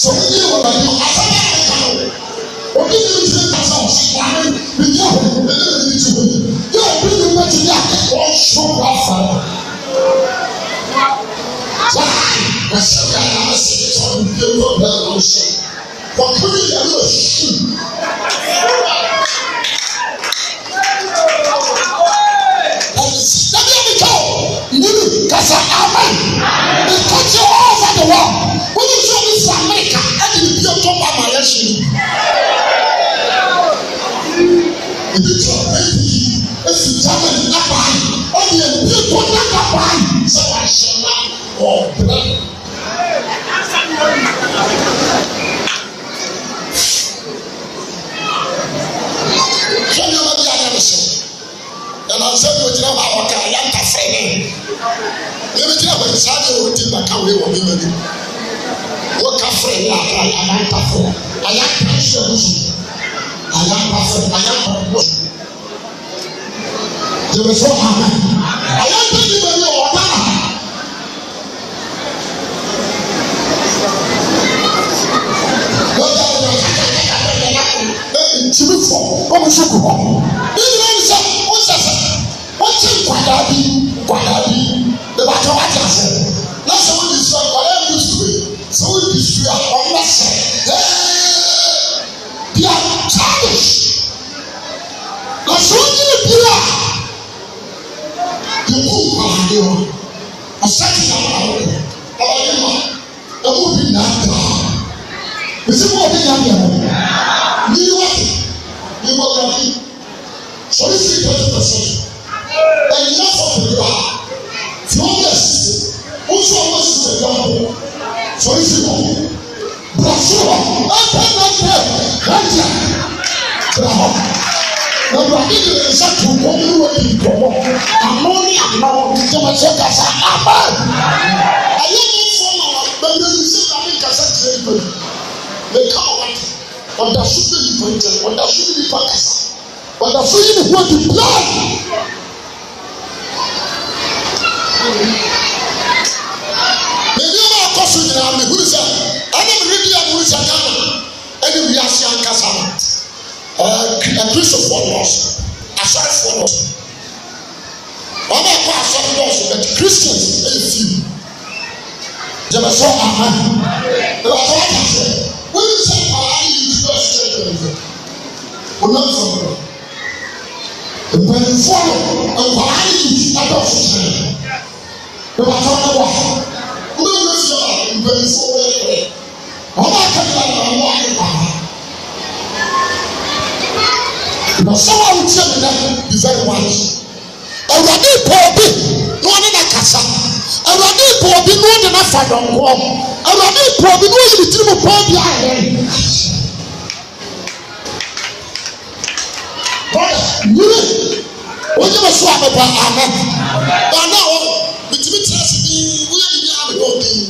Speaker 1: sọ wọ́n yé wọn bàbá àtàwọn àkàkà wọn òbí mi ti ń kasa ọ̀sẹ̀ wàhálà mi yà wọ́n mi ní ẹni ti wọ́n yà òbí mi bá ti yà kẹ́kọ̀ọ́ sọ wà fà wọ́n. Ẹsẹ̀ yà á lọ sí ìtàn ìdílé wọn bẹ́ẹ̀ lọ sí. Wọ́n kí ni ìyàwó ẹ̀ sí? Yes. Let me have it all. Nini kasa amen. The country all over the world. When you show this America, I didn't be a top of my nation. In the top, baby, it's in Germany, not mine. Only a people, not mine. So I shall not walk. ansa bi o gyina hɔ a ɔka yanta fɛ ne ebi gyina hɔ nsa de o ti baka wei wɔ mi ma bi woka fɛ ne a yanta fɛ ayanta nhyɛ mu so ayanta fɛ ayanta mu so jẹmẹsọ hàn ayanta ni bẹbi ọba. Wọ́n dá ọ̀rọ̀ ẹ̀ka ẹ̀ka ẹ̀ka ẹ̀ka ẹ̀ka ẹ̀ka ntumi fọ ọmọ sọkò hàn nkwadaa bi nkwadaa bi bɛba kyɛ wate ase na sɛ wodi sua nkwadaa bi sue sɛ wodi sua ɔmɛ sɛ they are childish na sɛ wodi ne bi a yɛ mu nkwadaa hɔ ɔsɛ ti na ɔmɛ hɔ ɔmɛ ma ɛmu bi na ata esi mu ɔbi na ata ni wa ni wa na bi sɔrɔ esi twenty percent. awurade de ne nsa to wɔn mu wɔ di nkɔmɔ ano ne ano jama sɛ kasa aba ɛyɛ ne fɔ ma bɛnbɛ mi sɛ na ne kasa kyerɛ nipa yi ne ka ma wate ɔda so bɛ nipa nkyɛn ɔda so bɛ nipa kasa ɔda so yi ne ho di plan. Bèbí ọmọ akọ so nyinaa mi hu sẹ, ẹni mi rí di ẹmu sẹ Ghana ẹni wíyá sí ankasa náà akristofoɔ nɔɔso asarefoɔ nɔɔso wɔn a kɔ asɔre nɔɔso but christians ɛyɛ few jẹbẹ sọ ama ẹ wà sọ wà sọ wọn yìí sọ ọ̀la yìí ti bá ṣe ẹ jẹrẹ wọn náà sọ wọn mpanyinfo no nkwala yìí adọ fúnfún ẹ wà sọ wọn wà wọn yìí sọ mpanyinfo wọn yẹ wọn bá kẹta náà wọn ayé wà na sọwọ awo tiẹ mi dẹ be very wise awurade ipò obi ní wọn nana kasa awurade ipò obi ní wọn nana fa yọnkọ awurade ipò obi ní wọn yìí tiri mu pọ́n bi ayẹ. nyiri wọ́n yẹ bẹ sọ àbẹ̀bọ̀ àná ọ̀nà wọn bìtìmí tẹ̀ sí bí wúyẹ́ yìí ní àná yóò dín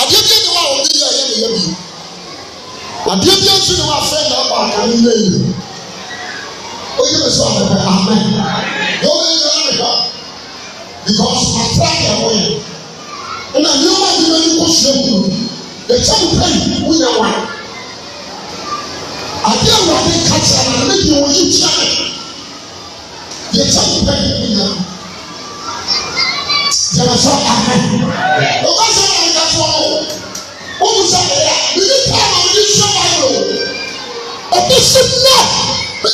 Speaker 1: adeɛ bi ni wa a wɔde yɛ yɛ yɛ bi adeɛ bi nso na wafɛ na ɔba akane yɛ yi oye bɛ sɛ ɔbɛbɛ amen na ɔbɛ yɛ yɛ nika because atra yɛ wɔyɛ ɛna nneɛma bi na nikɔ hyɛ mu no ɛkyɛn pɛn wunya wa adeɛ a wɔde kasa na ne deɛ wɔyi kyɛ yɛ kyɛn pɛn wunya wa yɛ bɛ sɛ amen ɔbɛ sɛ
Speaker 2: ɔbɛ
Speaker 1: kasa wɔn wɔn mu sɛ ɛyɛ ɛyɛ sɛ wayɛ o obi si nɛ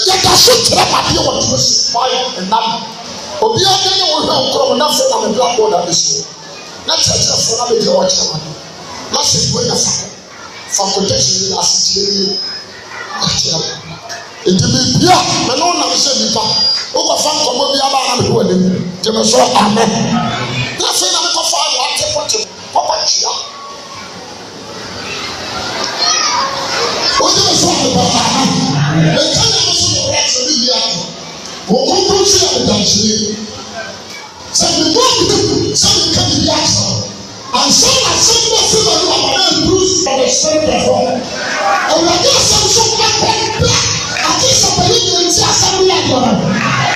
Speaker 1: yɛda so kyerɛ padeɛ wɔ toro so wayɛ nnam obi a ne wo hwɛ nkorɔ mo n'afɔ na mebla bɔ na bi so na kyerɛkyerɛfoɔ na bɛbi ɔwɔ kyerɛ wani na sɛ bi wɔnyɛ fako fako tɛsi yi ase kyerɛ yi akyerɛ mo nti biribi a mɛ no nam sɛ nipa wokɔfa nkɔmmɔ bi aba na mede wɔ anim gyeme so amɛ na afei na mekɔfa wɔ ate pɔkye kɔkɔ kyea o ti na so ayiwa paa ɛka na so na ɔba sɛ ne bia wɔn mo tó ti adansie sɛ ne bɔ ne bi sɛ ne ka ne bi asa ansa na asɛm na se na ne ɔba na edu ɔbɛ sɛn pɛfɔ ɔwurade asɛm so ɛkɔ bla ati sɛ pɛlɛ yɛn ti asɛm na yɛrɛ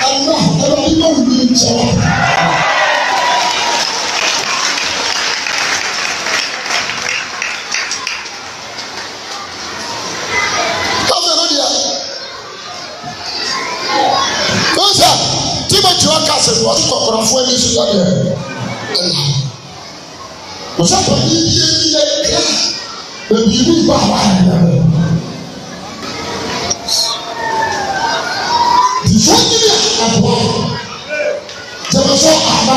Speaker 1: ɛnna ɛwurade na wuli nkyɛn. wari kɔkɔrɔfoɔ bi so yadeɛ ɛna wɔsɛ pɔnne bi yɛ bi yɛ kira beebi bi ba wa yɛ difo nyiri aboɔ jɛmɛfo aba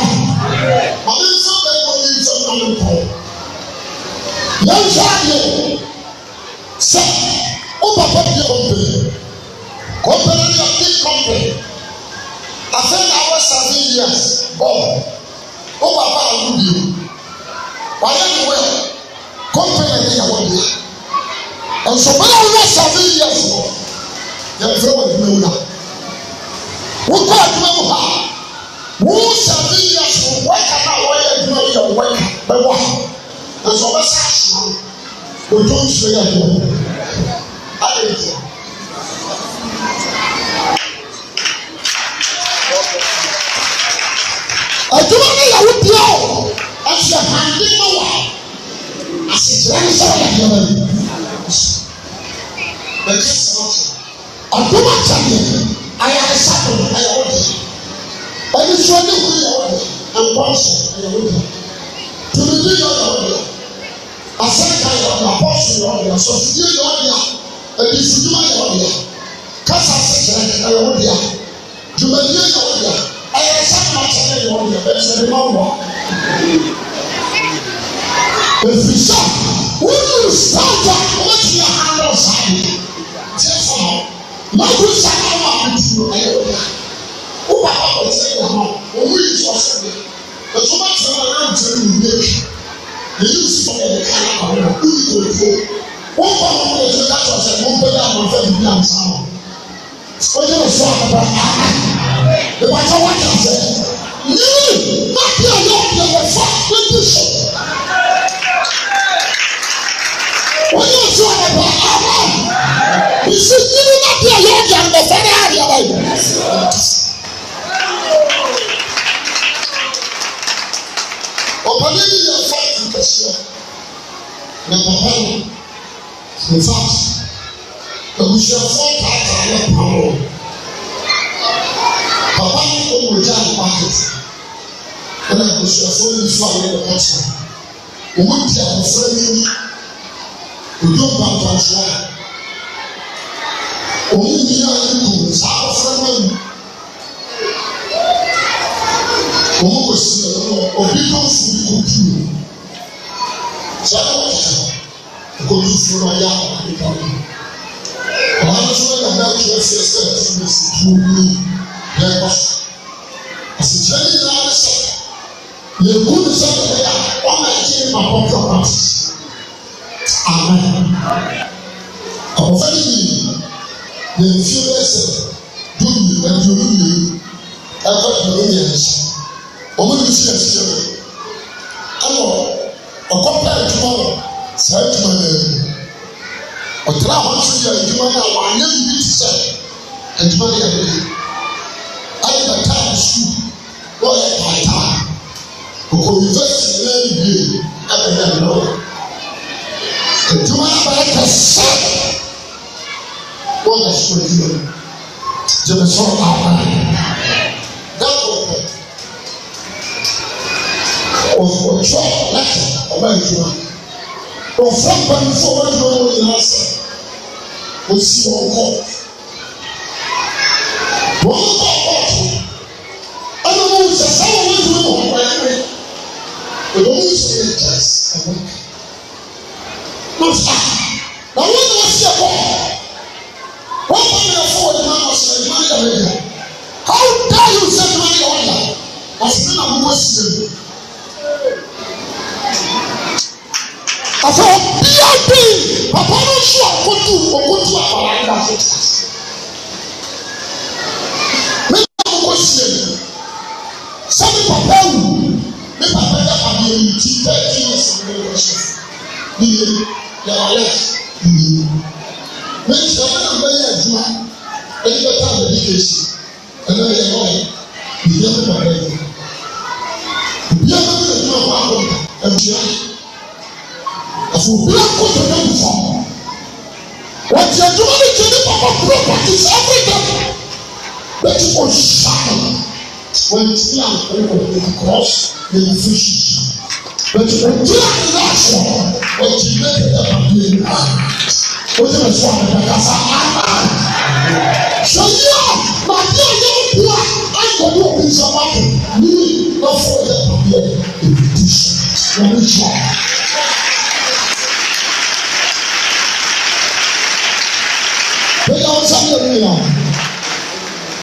Speaker 1: ɔne nsa bɛyɛ wɔn yi nsɛm na ne kɔ yɛn nsa adeɛ sɛ o papa bi yɛ wɔn pɛ kɔmpɛ ne yɛ ɔde kɔmpɛ afɛn na thirteen years bọ́ọ̀ oh, ó wà bá àlù bìí o wà lẹ́nu wẹ̀ kọ́mpẹ́nì ẹ̀mí ìyàwó bìí ẹ̀sùn bẹ́ẹ̀ wọ́n yẹ seven years o yẹn fẹ́ wọ́n ẹ̀dùnmẹ́ wúlà wọ́n kọ́ ẹ̀dùnmẹ́ wù ha wọ́n seven years o wọ́n kà náà wọ́n yẹ ẹ̀dùnmẹ́ yẹ wọ́n bẹ́ wọ́ ha ẹ̀sùn bẹ́ẹ̀ sá sùn ojú ń sọ yẹ ẹ̀dùnmẹ́ ayé ìjọ. Thank you adwuma no yɛ wodeɛ o ɛhyɛ pande ma wɔ asekyerɛ ne sɛ woyɛ deɛ baabi bɛgye sɛ wote adwuma kyɛdeɛ ayaresa do no ɛyɛ wodeɛ ɛne soɔ ne ho yɛ wodeɛ ɛnkɔnso ɛyɛ wodeɛ tumidi yɛ ɔyɛ wodeɛ asɛnka yɛ ɔdeɛ apɔso yɛ ɔdeɛ sɔfidie yɛ ɔdeɛ adisuduma yɛ ɔdeɛ kasa asekyerɛ ɛyɛ wodeɛ dwumadie yɛ ɔdeɛ ɛyɛ sábà kyerɛ yɛ wɔn yɛ bɛsɛ bi ma wɔ efi sɛ wúlò sáàtà wọ́n ti yɛ hàn lọ sáàyè tiɛ fún ọ mọ̀tò sáàtà wà lùtù ɛyɛ wọ́n yà wọ́n bá wà wọ́n ti yɛ hàn wọ́n mú yìí sọ fún mi ètò bá tẹ̀ wọ́n yà ntẹ̀ nù yé bi èyí sì sọ yẹ ká yà wọ́n wọ́n kú yìí kò fún wọ́n kọ́ wọn kò tẹ̀ ká tọ̀ sẹ̀ wọ́n pẹ́ yà wọ́n fẹ́ bi bí àǹsá wọn wọ́n yẹ fún ìbàjẹ́ wọ́n ti àṣẹ yìí má bí
Speaker 2: ọ̀yọ́ ọ̀dẹ̀ wọ̀ fà lójú sọ. wọ́n yóò sọ ọ̀rọ̀ bá àmọ́ ìsì
Speaker 1: yìí má bí ọ̀yọ́ ọ̀dẹ̀ àmọ̀ fẹ́ náà rí ọ̀rọ̀ yìí. ọ̀pọ̀lọpọ̀ yìí yẹ fún ẹ̀sìn kẹsíọ̀ ní pàpà yìí in fact ẹ̀fọ́ tààtà lẹ́pàá wọn. ne abusuafoɔ ne fa yɛ ne kɔkye wɔn di abɔfra ne mu odo mpampantwa wɔn nyinaa yɛ kum saa abɔfra no mu wɔn kɔ si ɛwɔ no obi kɔnfu bi kɔ tuo saa abɔfra ɛkɔ tu funu ɔyɛ akɔkɔ kɔ ɔhan nso yɛ adan kyerɛ fɛ sɛ ɛfunu si tuo mu yɛ ɛkɔ so asekyerɛ nyinaa ne yɛgu ne sɛ bɛyɛ a ɔmɛgye ma bɔtɔ pas amen abɔfra no yi yɛmfie bɛyɛ sɛ dunni aduonu mmienu ɛkɔ aduonu mmiɛnsa wɔn de si asie no ɛwɔ ɔkɔ pɛ adwuma wɔ saa adwuma no ɛmu ɔtena hɔ nso yɛ adwuma no a wɔanyɛ bibi ti sɛ adwuma no yɛ de ɛde bɛtaa nsu wɔyɛ pataa kòkò yunifásitì náà ní bíi abẹ́rẹ́ àná
Speaker 2: ẹ̀dùnmá abáyé kẹsà
Speaker 1: wọ́n kà sọ ẹ̀dùn yẹn jẹ̀bẹ̀ sọ àwọn dàpọ̀ ọ̀fọ̀tọ̀ láti ọba ìjọba ọ̀fọ̀ mpanimfọ̀ wọn ni wọn yẹn lásán òsì ọkọ̀. yie na alert yie mẹsàn án náà bẹyẹ adwuma ẹni bẹta abẹbi kesi ẹni bẹyẹ lọọyẹ ìdí ẹni bẹyẹ lọọyẹ obi ẹni bẹyẹ adwuma kọ akọ ẹdua afọ obi akọ tó náà bù fọ wọ́n ti adwuma ni tí ẹni papa kúrò pàtó sá áfíríkà bẹ́ẹ̀ tí kò sá wọ́n ti ní àkókò ìkọ́sí ní ìfúnṣiṣẹ́ mẹsirẹti àyàfọ ọjìlẹ ẹbàdé a wọ́n yẹ fún àgbàkasa àmà sọyí a màdí ọyọ nkúwa ayọ̀dọ̀ òbí nsọ̀mọ́ àpò ní lọ́fọ̀ ọ̀yẹ pàbí ẹ̀ èbìtì wọ́n sọ. Bẹ́ẹ̀ni àwọn sábẹ́ mi